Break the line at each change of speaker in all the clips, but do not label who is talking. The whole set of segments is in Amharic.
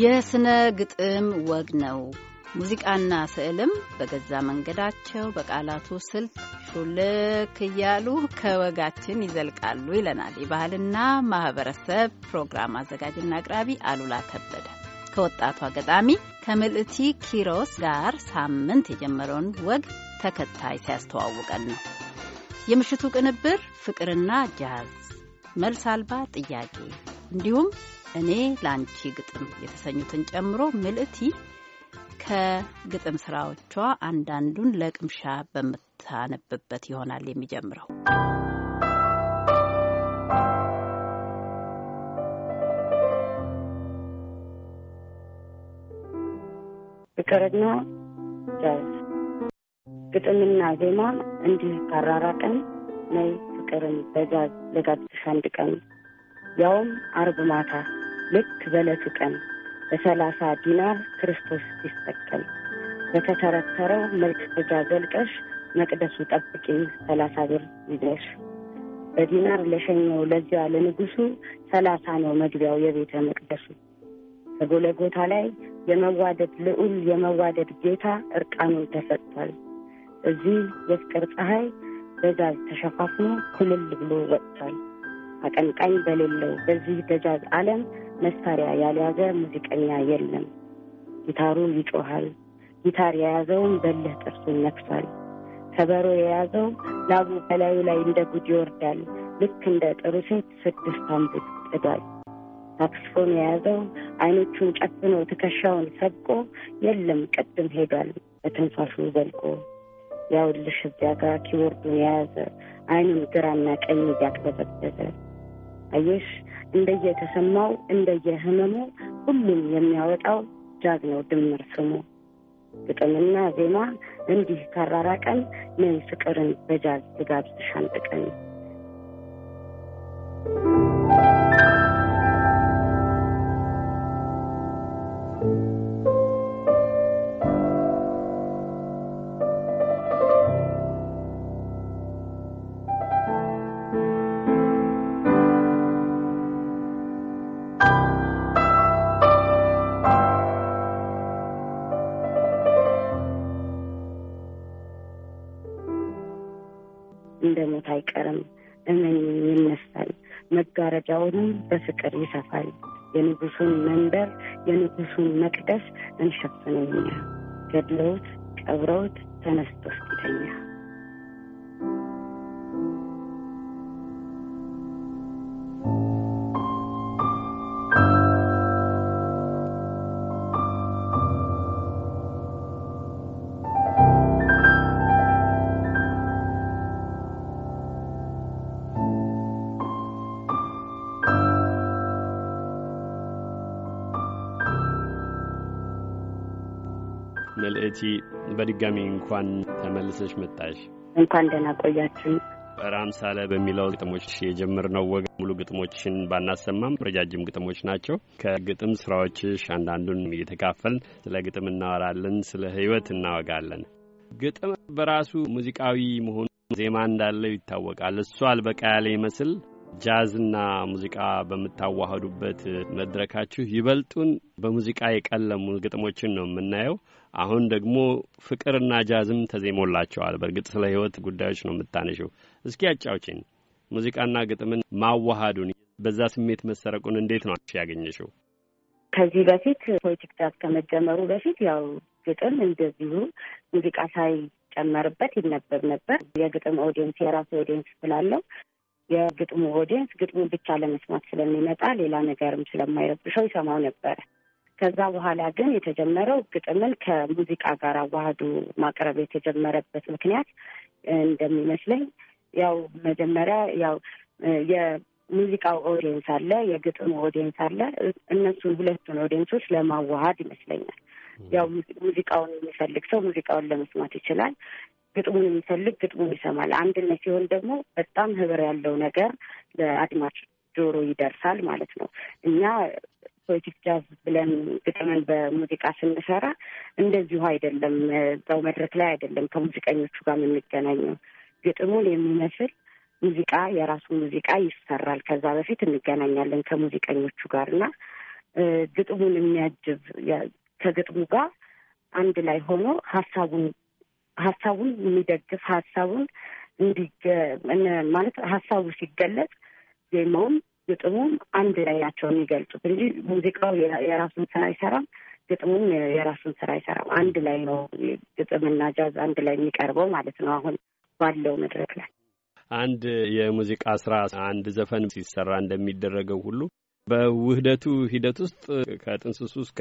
የስነ ግጥም ወግ ነው። ሙዚቃና ስዕልም በገዛ መንገዳቸው በቃላቱ ስልት ሹልክ እያሉ ከወጋችን ይዘልቃሉ ይለናል የባህልና ማህበረሰብ ፕሮግራም አዘጋጅና አቅራቢ አሉላ ከበደ ከወጣቷ ገጣሚ ከምልእቲ ኪሮስ ጋር ሳምንት የጀመረውን ወግ ተከታይ ሲያስተዋውቀን ነው። የምሽቱ ቅንብር ፍቅርና ጃዝ፣ መልስ አልባ ጥያቄ እንዲሁም እኔ ለአንቺ ግጥም የተሰኙትን ጨምሮ ምልእቲ ከግጥም ስራዎቿ አንዳንዱን ለቅምሻ በምታነብበት ይሆናል የሚጀምረው። ፍቅርና ጃዝ ግጥምና ዜማ እንዲህ ካራራቀን ነይ ፍቅርን በጃዝ ልጋብዝሽ አንድ ቀን ያውም አርብ ማታ ልክ በዕለቱ ቀን በሰላሳ ዲናር ክርስቶስ ሲሰቀል በተተረተረው መልክ ስጋ ዘልቀሽ መቅደሱ ጠብቂኝ ሰላሳ ብር ይዘሽ በዲናር ለሸኘው ለዚያ ለንጉሱ ሰላሳ ነው መግቢያው የቤተ መቅደሱ በጎለጎታ ላይ የመዋደድ ልዑል የመዋደድ ጌታ እርቃኑን ተሰጥቷል። እዚህ የፍቅር ፀሐይ ደጃዝ ተሸፋፍኖ ኩልል ብሎ ወጥቷል። አቀንቃኝ በሌለው በዚህ ደጃዝ ዓለም መሳሪያ ያልያዘ ሙዚቀኛ የለም። ጊታሩ ይጮሃል። ጊታር የያዘውም በልህ ጥርሱን ነክሷል። ከበሮ የያዘው ላቡ በላዩ ላይ እንደ ጉድ ይወርዳል። ልክ እንደ ጥሩ ሴት ስድስት አምቡት ጥዷል። ሳክስፎን የያዘው አይኖቹን ጨፍኖ ትከሻውን ሰብቆ የለም ቅድም ሄዷል በትንፋሹ ዘልቆ። ያውልሽ እዚያ ጋር ኪቦርዱን የያዘ አይኑን ግራና ቀኝ እያቅበዘበዘ አየሽ እንደየተሰማው እንደየህመሙ ሁሉም የሚያወጣው ጃዝ ነው ድምር ስሙ። ግጥምና ዜማ እንዲህ ተራራቀን ምን ፍቅርን በጃዝ ልጋብዝሽ ሻንጥቀን አይቀርም እመኝ ይነሳል። መጋረጃውንም በፍቅር ይሰፋል። የንጉሱን መንበር የንጉሱን መቅደስ እንሸፍነኛ ገድለውት ቀብረውት ተነስቶ እስኪተኛ
መልእቲ በድጋሚ እንኳን ተመልሰሽ መጣሽ።
እንኳን ደህና ቆያችን።
ራምሳለ በሚለው ግጥሞች የጀመርነው ወግ ሙሉ ግጥሞችን ባናሰማም ረጃጅም ግጥሞች ናቸው። ከግጥም ስራዎችሽ አንዳንዱን እየተካፈልን ስለ ግጥም እናወራለን፣ ስለ ህይወት እናወጋለን። ግጥም በራሱ ሙዚቃዊ መሆኑ ዜማ እንዳለው ይታወቃል። እሱ አልበቃ ያለ ይመስል ጃዝና ሙዚቃ በምታዋህዱበት መድረካችሁ ይበልጡን በሙዚቃ የቀለሙ ግጥሞችን ነው የምናየው። አሁን ደግሞ ፍቅርና ጃዝም ተዜሞላቸዋል። በእርግጥ ስለ ህይወት ጉዳዮች ነው የምታነሽው። እስኪ ያጫውችን ሙዚቃና ግጥምን ማዋሃዱን በዛ ስሜት መሰረቁን እንዴት ነው ያገኘሽው?
ከዚህ በፊት ፖለቲክ ጃዝ ከመጀመሩ በፊት ያው ግጥም እንደዚሁ ሙዚቃ ሳይጨመርበት ይነበብ ነበር። የግጥም ኦዲየንስ የራሱ ኦዲየንስ ስላለው የግጥሙ ኦዲየንስ ግጥሙ ብቻ ለመስማት ስለሚመጣ ሌላ ነገርም ስለማይረብሸው ይሰማው ነበረ። ከዛ በኋላ ግን የተጀመረው ግጥምን ከሙዚቃ ጋር አዋህዶ ማቅረብ የተጀመረበት ምክንያት እንደሚመስለኝ ያው መጀመሪያ ያው የሙዚቃው ኦዲየንስ አለ፣ የግጥሙ ኦዲየንስ አለ። እነሱን ሁለቱን ኦዲየንሶች ለማዋሃድ ይመስለኛል። ያው ሙዚቃውን የሚፈልግ ሰው ሙዚቃውን ለመስማት ይችላል። ግጥሙን የሚፈልግ ግጥሙን ይሰማል። አንድነት ሲሆን ደግሞ በጣም ህብር ያለው ነገር ለአድማጭ ጆሮ ይደርሳል ማለት ነው። እኛ ፖለቲክ ጃዝ ብለን ግጥምን በሙዚቃ ስንሰራ እንደዚሁ አይደለም። እዛው መድረክ ላይ አይደለም ከሙዚቀኞቹ ጋር የምንገናኘው። ግጥሙን የሚመስል ሙዚቃ የራሱ ሙዚቃ ይሰራል። ከዛ በፊት እንገናኛለን ከሙዚቀኞቹ ጋር እና ግጥሙን የሚያጅብ ከግጥሙ ጋር አንድ ላይ ሆኖ ሀሳቡን ሀሳቡን የሚደግፍ ሀሳቡን እንዲገ ማለት ሀሳቡ ሲገለጽ ዜማውም ግጥሙም አንድ ላይ ናቸው የሚገልጹት እንጂ ሙዚቃው የራሱን ስራ አይሰራም፣ ግጥሙም የራሱን ስራ አይሰራም። አንድ ላይ ነው ግጥምና ጃዝ አንድ ላይ የሚቀርበው ማለት ነው አሁን ባለው መድረክ ላይ
አንድ የሙዚቃ ስራ አንድ ዘፈን ሲሰራ እንደሚደረገው ሁሉ በውህደቱ ሂደት ውስጥ ከጥንስሱ እስከ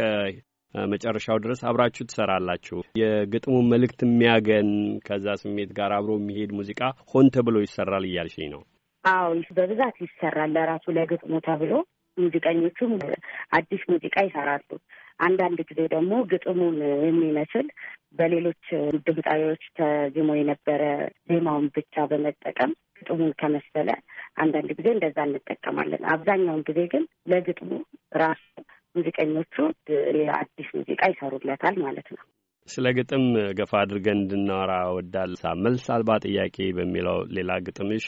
መጨረሻው ድረስ አብራችሁ ትሰራላችሁ። የግጥሙን መልእክት የሚያገን ከዛ ስሜት ጋር አብሮ የሚሄድ ሙዚቃ ሆን ተብሎ ይሰራል እያልሽኝ ነው።
አዎ በብዛት ይሰራል ለራሱ ለግጥሙ ተብሎ ሙዚቀኞቹም አዲስ ሙዚቃ ይሰራሉ። አንዳንድ ጊዜ ደግሞ ግጥሙን የሚመስል በሌሎች ድምፃዊዎች ተዜሞ የነበረ ዜማውን ብቻ በመጠቀም ግጥሙን ከመሰለ አንዳንድ ጊዜ እንደዛ እንጠቀማለን። አብዛኛውን ጊዜ ግን ለግጥሙ ራሱ ሙዚቀኞቹ አዲስ ሙዚቃ ይሰሩለታል ማለት ነው።
ስለ ግጥም ገፋ አድርገን እንድናወራ ወዳል መልስ አልባ ጥያቄ በሚለው ሌላ ግጥምሽ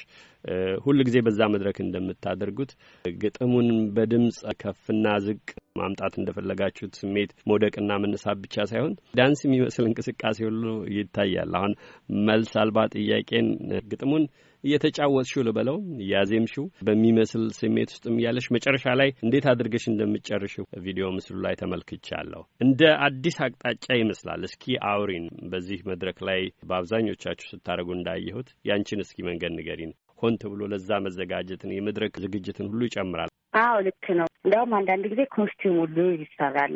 ሁል ጊዜ በዛ መድረክ እንደምታደርጉት ግጥሙን በድምፅ ከፍና ዝቅ ማምጣት እንደፈለጋችሁት ስሜት መውደቅና መነሳት ብቻ ሳይሆን ዳንስ የሚመስል እንቅስቃሴ ሁሉ ይታያል። አሁን መልስ አልባ ጥያቄን ግጥሙን እየተጫወትሽው ልበለው እያዜምሽው በሚመስል ስሜት ውስጥም እያለሽ መጨረሻ ላይ እንዴት አድርገሽ እንደምጨርሽው ቪዲዮ ምስሉ ላይ ተመልክቻለሁ። እንደ አዲስ አቅጣጫ ይመስላል። እስኪ አውሪን። በዚህ መድረክ ላይ በአብዛኞቻችሁ ስታደርጉ እንዳየሁት ያንቺን እስኪ መንገድ ንገሪን። ሆን ተብሎ ለዛ መዘጋጀትን የመድረክ ዝግጅትን ሁሉ ይጨምራል።
አዎ ልክ ነው። እንዲያውም አንዳንድ ጊዜ ኮስቲም ሁሉ ይሰራል።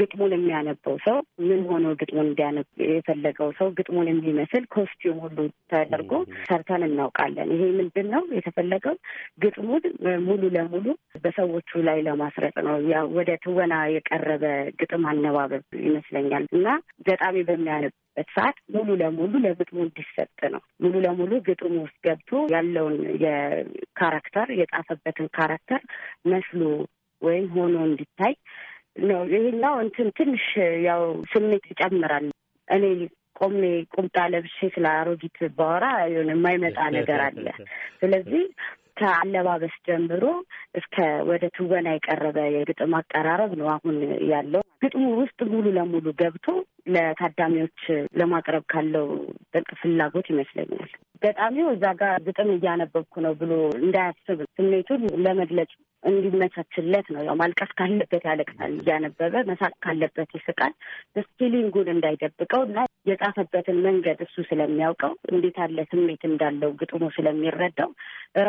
ግጥሙን የሚያነበው ሰው ምን ሆኖ ግጥሙን እንዲያነብ የፈለገው ሰው ግጥሙን የሚመስል ኮስቲም ሁሉ ተደርጎ ሰርተን እናውቃለን። ይሄ ምንድን ነው የተፈለገው? ግጥሙን ሙሉ ለሙሉ በሰዎቹ ላይ ለማስረጥ ነው። ያ ወደ ትወና የቀረበ ግጥም አነባበብ ይመስለኛል እና ገጣሚ በሚያነብ በሚሆንበት ሰዓት ሙሉ ለሙሉ ለግጥሙ እንዲሰጥ ነው። ሙሉ ለሙሉ ግጥሙ ውስጥ ገብቶ ያለውን የካራክተር የጻፈበትን ካራክተር መስሎ ወይም ሆኖ እንዲታይ ነው። ይህኛው እንትን ትንሽ ያው ስሜት ይጨምራል። እኔ ቆሜ ቁምጣ ለብሼ ስለ አሮጊት ባወራ የሆነ የማይመጣ ነገር አለ። ስለዚህ ከአለባበስ ጀምሮ እስከ ወደ ትወና የቀረበ የግጥም አቀራረብ ነው አሁን ያለው። ግጥሙ ውስጥ ሙሉ ለሙሉ ገብቶ ለታዳሚዎች ለማቅረብ ካለው ጥልቅ ፍላጎት ይመስለኛል። ገጣሚው እዛ ጋር ግጥም እያነበብኩ ነው ብሎ እንዳያስብ ስሜቱን ለመግለጽ እንዲመቻችለት ነው። ያው ማልቀስ ካለበት ያለቅሳል እያነበበ፣ መሳቅ ካለበት ይስቃል። ስኪሊንጉን እንዳይደብቀው እና የጻፈበትን መንገድ እሱ ስለሚያውቀው እንዴት ያለ ስሜት እንዳለው ግጥሞ ስለሚረዳው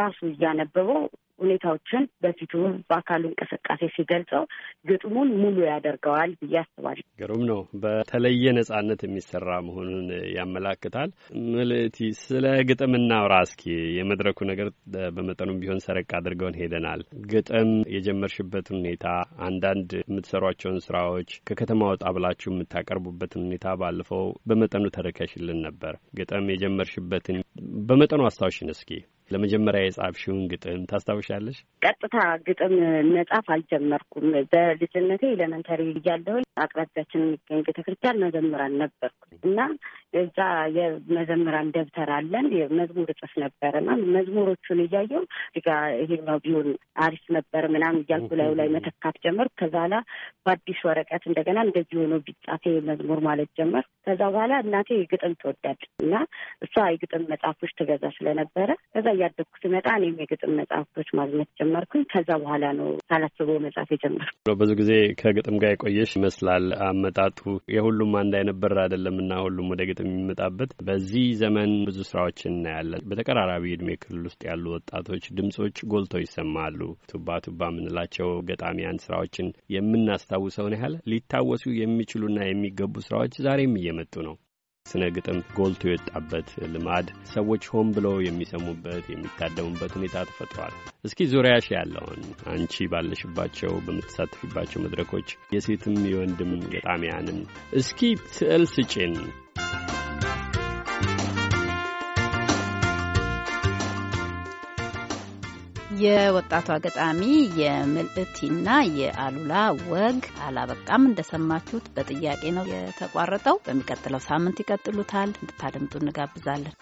ራሱ እያነበበው ሁኔታዎችን በፊቱ በአካሉ እንቅስቃሴ ሲገልጸው ግጥሙን ሙሉ ያደርገዋል ብዬ አስባለሁ።
ግሩም ነው። በተለየ ነጻነት የሚሰራ መሆኑን ያመላክታል። ምልእቲ ስለ ግጥም እናውራ እስኪ። የመድረኩ ነገር በመጠኑም ቢሆን ሰረቅ አድርገውን ሄደናል። ግጥም የጀመርሽበትን ሁኔታ፣ አንዳንድ የምትሰሯቸውን ስራዎች ከከተማ ወጣ ብላችሁ የምታቀርቡበትን ሁኔታ ባለፈው በመጠኑ ተረከሽልን ነበር። ግጥም የጀመርሽበትን በመጠኑ አስታውሽን እስኪ። ለመጀመሪያ የጻፍሽውን ግጥም ታስታውሻለሽ?
ቀጥታ ግጥም መጻፍ አልጀመርኩም። በልጅነቴ ኤሌመንተሪ እያለሁ አቅራቢያችን የሚገኝ ቤተክርስቲያን መዘምራን ነበርኩ እና እዛ የመዘምራን ደብተር አለን መዝሙር እጽፍ ነበረ እና መዝሙሮቹን እያየው ጋ ይሄ ቢሆን አሪፍ ነበር ምናምን እያልኩ ላዩ ላይ መተካት ጀመርኩ። ከዛ በኋላ በአዲስ ወረቀት እንደገና እንደዚህ ሆኖ ቢጻፌ መዝሙር ማለት ጀመር። ከዛ በኋላ እናቴ ግጥም ትወዳለች እና እሷ የግጥም መጽሐፎች ትገዛ ስለነበረ ከዛ እያደግኩ ስመጣ እኔም የግጥም መጽሐፍቶች ማግኘት ጀመርኩኝ። ከዛ በኋላ ነው ሳላስበው መጽሐፍ የጀመርኩ።
ብዙ ጊዜ ከግጥም ጋር የቆየሽ ይመስላል። አመጣጡ የሁሉም አንድ አይነበር አይደለም እና ሁሉም ወደ ግጥም የሚመጣበት በዚህ ዘመን ብዙ ስራዎች እናያለን። በተቀራራቢ እድሜ ክልል ውስጥ ያሉ ወጣቶች ድምጾች ጎልተው ይሰማሉ። ቱባ ቱባ የምንላቸው ገጣሚያን ስራዎችን የምናስታውሰውን ያህል ሊታወሱ የሚችሉና የሚገቡ ስራዎች ዛሬም እየመጡ ነው። ስነ ግጥም ጎልቶ የወጣበት ልማድ ሰዎች ሆን ብለው የሚሰሙበት የሚታደሙበት ሁኔታ ተፈጥሯል። እስኪ ዙሪያሽ ያለውን አንቺ ባለሽባቸው በምትሳተፊባቸው መድረኮች የሴትም የወንድም ገጣሚያንን እስኪ ስዕል ስጪን።
የወጣቷ ገጣሚ የምልእቲና የአሉላ ወግ አላበቃም። እንደሰማችሁት በጥያቄ ነው የተቋረጠው። በሚቀጥለው ሳምንት ይቀጥሉታል። እንድታደምጡ እንጋብዛለን።